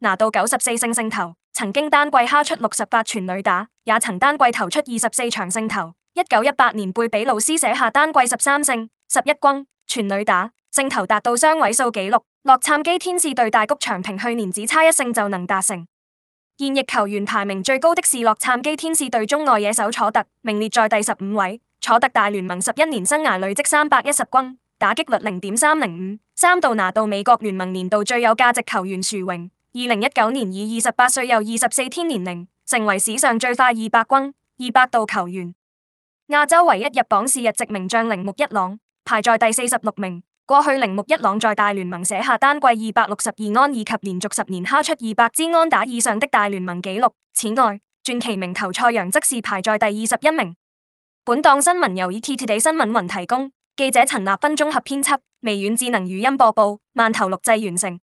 拿到九十四勝勝投，曾經單季敲出六十八全壘打，也曾單季投出二十四場勝投。一九一八年貝比魯斯寫下單季十三勝十一轟全壘打，勝投達到雙位數紀錄。洛杉磯天使隊大谷翔平去年只差一勝就能達成。現役球員排名最高的是洛杉磯天使隊中外野手楚特，名列在第十五位。楚特大聯盟十一年生涯累積三百一十轟，打擊率零點三零五，三度拿到美國聯盟年度最有價值球員殊榮。二零一九年以二十八歲又二十四天年齡，成為史上最快二百轟、二百盜球員。亞洲唯一入榜是日籍名將鈴木一朗排在第四十六名。過去鈴木一朗在大聯盟寫下單季二百六十二安以及連續十年敲出二百支安打以上的大聯盟紀錄。此外，傳奇名投賽揚則是排在第二十一名。本檔新聞由 ETtoday 新聞雲提供，記者陳立芬綜合編輯，微軟智能語音播報，萬頭錄製完成。